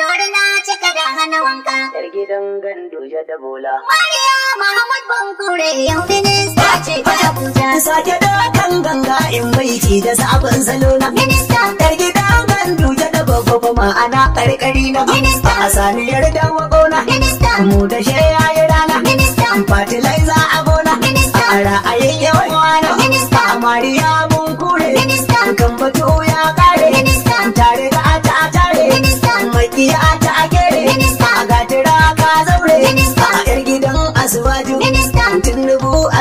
dori na cika da hana wanka. Yar gidan ganduje da bola. Mariya Muhammad Bankure yau minista ce ta Abuja. Sake dokan ganga in baiti da sabon salo na. Minista. Yar gidan ganduje da babba ma'ana karkari na. Minista. A saniyar dan wagona. Minista. Mu da ya yayi rana. Minista. Fatilaiza a gona. Minista. A ra'ayin yawan wana. Minista. Mariya Bankure. Minista. Kan batu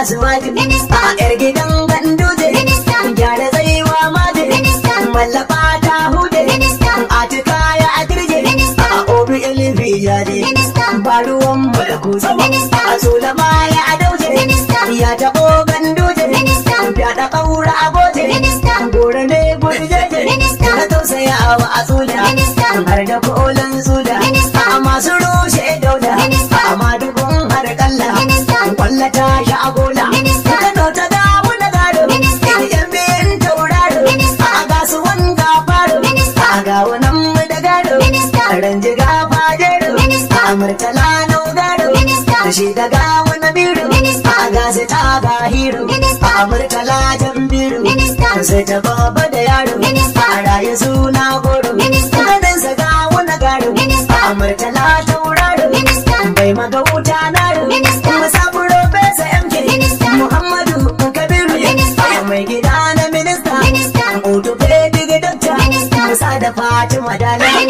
asibiti minista yar gidan ganduje minista gyara zaiwa maje minista mallaka ta hude minista atika ya adirje minista obi ilimi ya je minista ba ruwan mulkusa minista sulama ya adauje minista ya tabo ganduje minista fyaɗa ƙaura a goje minista gore ne gurjeje minista na tausaya wa asula minista har da kolan zula minista masu rushe dauda minista amma dubun har kalla kwallata shi a murtala naugaru da shi da gawo na biru a gazeta ba hiru a murtala jan biru sai ta baba da yaro a raye suna goro ganin sa gawo na garu a murtala tauraro bai magauta na ru kuma saburo besa mk muhammadu kabiru mai gida na minista otu pediga dokta musa da fatima dalai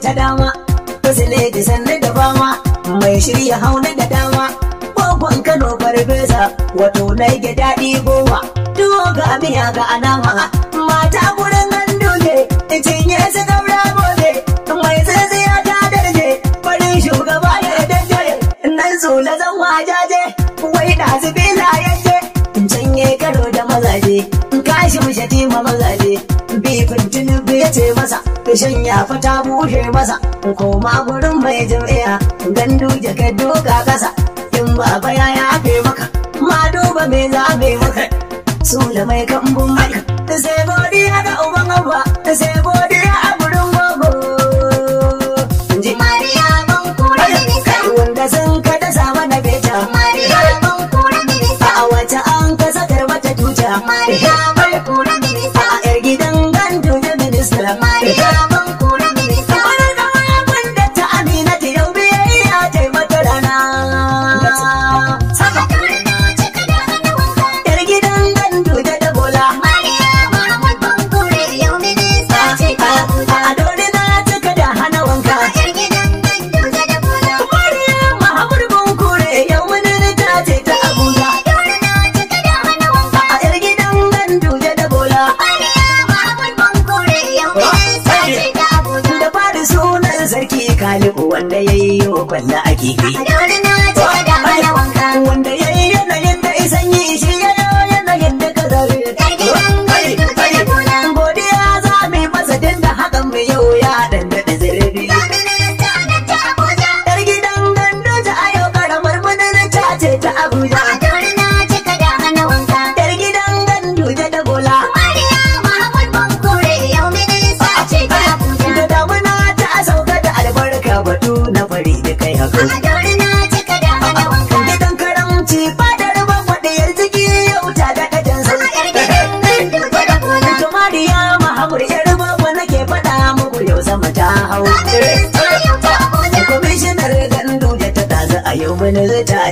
ta dama fasile da sanne da bama mai shirya hauna da dama kogon kano farfesa wato na ga daɗi goma tuwo ga miya ga anama mata gurin an ne, cinye su gaura gobe mai ya ta darje farin shugaba ya daddare nan su na zan wajaje wai ɗazu bila yaje canye karo da mazaje kashi mu shatima mazaje yace masa ta shanya fata bushe masa koma gurin mai jami'a gandu jaka doka kasa in baba ya yafe maka ma duba me zabe maka da mai kambun maka ta sai godiya ga uban abba ta sai godiya a gurin gogo ji mariya ban kura minista wanda sun da sama na beta mariya ban kura minista a wata an kasa wata tuta mariya kaliku wanda ya yi wa kwalla a kifi.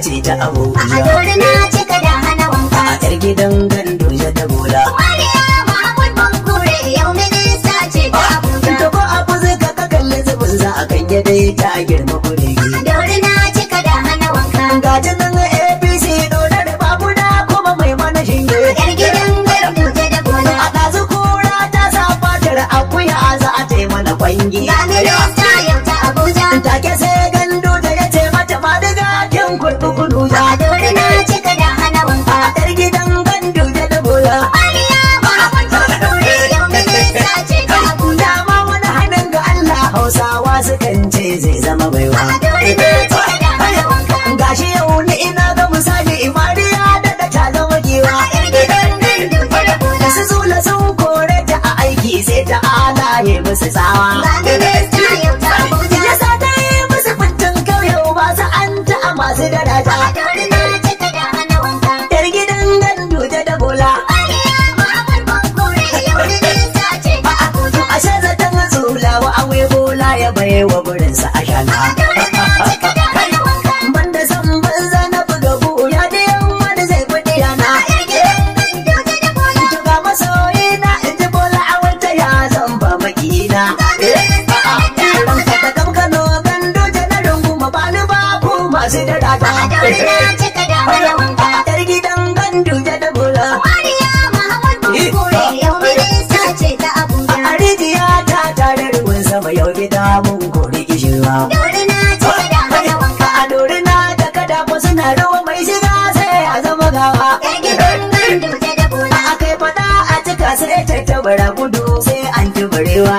ce ta abokiya masu daraja. Yar gidan gandu ta da bola. Ashe zaton zula wa awe bola ya baiwa wa burinsa a shana. Banda san banza na buga buya da yamma da zai kuɗi yana. Tuka masoyi na in ji bola a wata ya zan ba makina. A'a, ban kano gandu ta na rungu mabani ba masu daraja. kaza na da gidan gandu ya mariya ce ta abuja a rijiya ta sama yau mun kori kishirwa na da a na kada suna ruwa, mai shiga sai a zama gawa yar gidan gandu a kai a cika sai ta gudu sai an kibarewa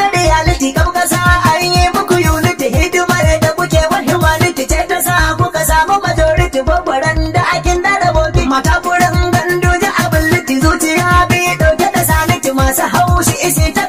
za a an yi muku unity hidimar da kuke wa humanity ce ta sa kuka samu majority babbaran da akin da rabobi mata kurin abin ji ability zuciya bi dauke da sanity masu haushi isi ta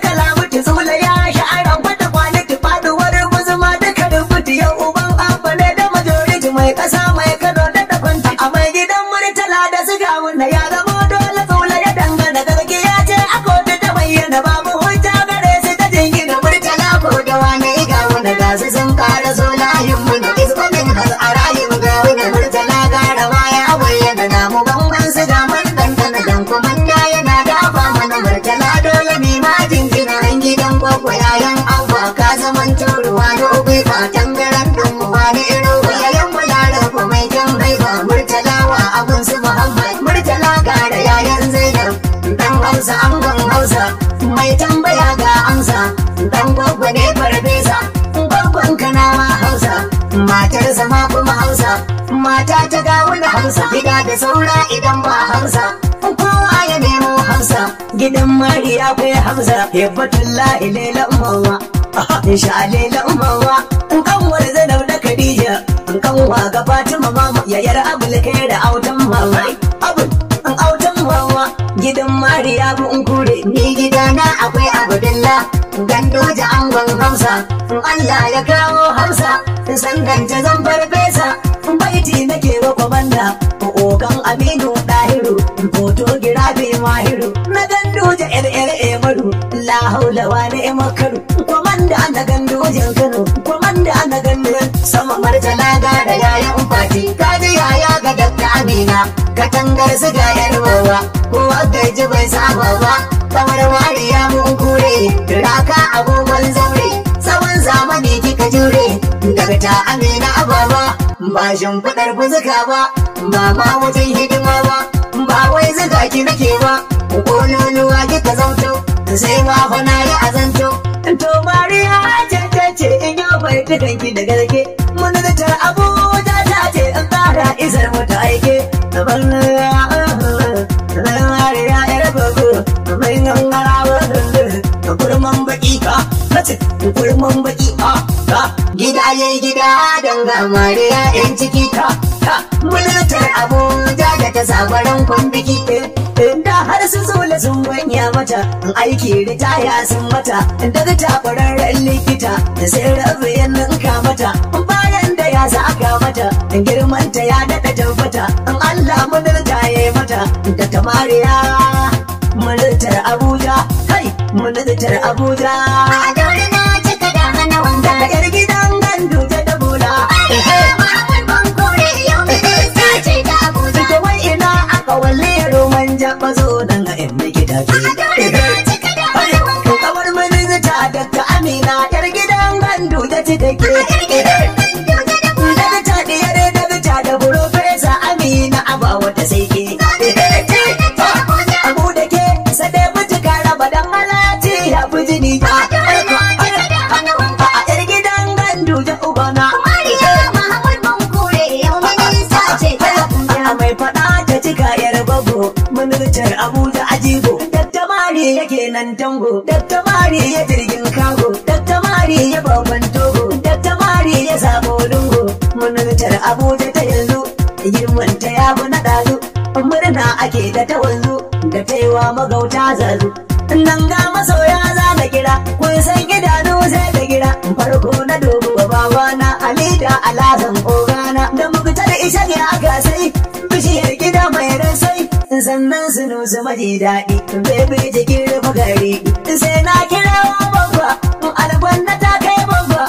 hausa gida da saura idan ba hausa kowa ya nemo hausa gidan mari akwai hausa hibbatullahi lela umarwa insha lela umarwa in kanwar zai da khadija in kanwa ga fatima mama yayar abul kai da autan mama abul in autan mama gidan mari abu in kure ni gidana akwai abdullah gandoja angon hausa in allah ya kawo hausa in sangance zan farfesa in baiti nake wa kwamanda aminu ɗahiru hoto girabe mahiru na gandoja yar'yar emaru la haula wa ne makaru kwamanda na gandojan kano kwamanda na gandojan sama martala ga da yayan fati kaji yaya ga dakta amina katangar su ga yar wawa kowa ga ji bai saba ba kamar wariya mun kure raka agogon zaure tsawon zamani kika jure daga ta amina ba shimfiɗar buzuka ba ba ma wajen hidima ba ba wai zuga ki nake ba ko ki kika zauto sai ma fa na yi azanto to mariya ce in yau bai tukan ki da garke mun da ta abu ta ce in ƙara izar mu ta aike kayan gida danga mariya yan ciki ta mulatar abuja da ta sabaran kwandiki eh, da har su sun wanya mata aiki ritaya sun mata daga tafararren likita da sai rabu yan ninka mata bayan da ya saka mata girmanta ya daɗa tabbata Allah mulatta ya mata da ta mariya abuja kai mulatar abuja calle. nan dango. dakta mari ya jirgin kago dakta mari ya babban togo dakta mari ya samo lungo munantar abuja ta yanzu girman ta ya bu na ɗazu murna ake da ta wanzu da taiwa magauta zazu nan ga masoya Kano zama da daɗi Baby jikin rufe Sai na kira babba na ta kai babba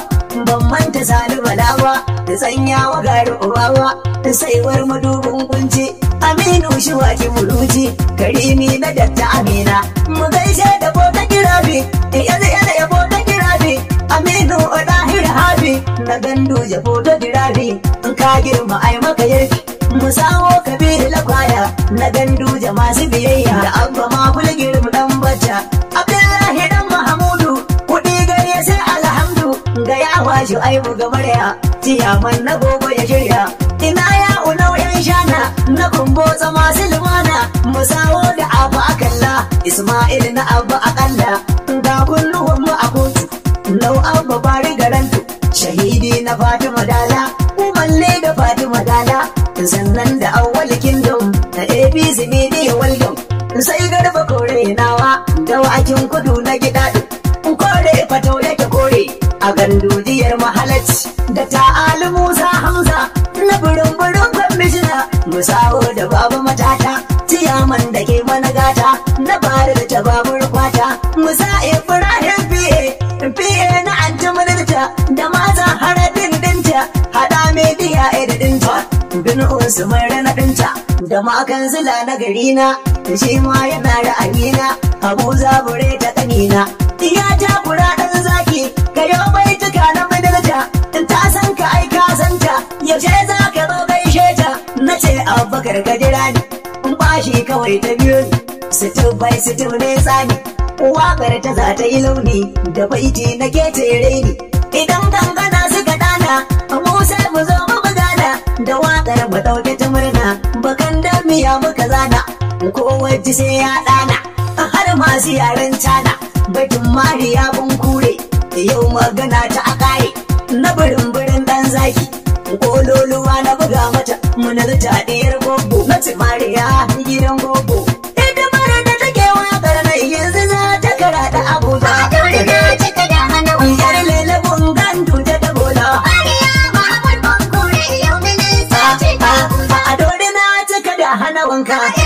Ban manta sani balawa Da sanya wa gari uwawa Da saiwar madubin kunci Aminu shi waki muluci Karimi na datta Amina Mu gaishe da bota kirabi Yanzu yana ya kira bi Aminu ɗahir habi Na gandu ya bota kirabi In ka girma ai maka yarki mu samo kabiru lakwaya na gandu masu biyayya da abba ma bulgir dan bata abdullahi dan mahamudu kuɗi gare sai alhamdu ga yawa shi ai buga murya tiyaman na gogo ya shirya ina ya unau yan shana na kumbotsa masu lumana musawo da abu akalla isma'il na bakin kudu na gida kore fato yake kore a gandujiyar mahalacci da ta'ali musa hamza na burin burin kwamishina musawo da babu matata tiyaman da ke mana gata na bari da tababur kwata musa ibrahim fiye fiye na antiminarta da mata hara dindinta hada mai diya edadinta bin usman rana dinta da makan zila na gari na da shi ma yana ra'ayi na abu zabure ta kanina iya ta kura dan zaki ka yo bai tuka na manaja. in ta san ka ai ka san ta je za ka zo gaishe ta na ce abubakar ka ne. ni in ba shi kawai ta biyo ni sitir bai sitir ne tsani waƙar ta za ta yi launi da baiti na ke tere ni idan dangana suka dana mu sai mu zo mu gana da waƙar mu ɗauke ta murna tarbiya muka zana ko waje sai ya ɗana har masu yaren cana bakin mariya bun kure yau magana ta aka Bunga.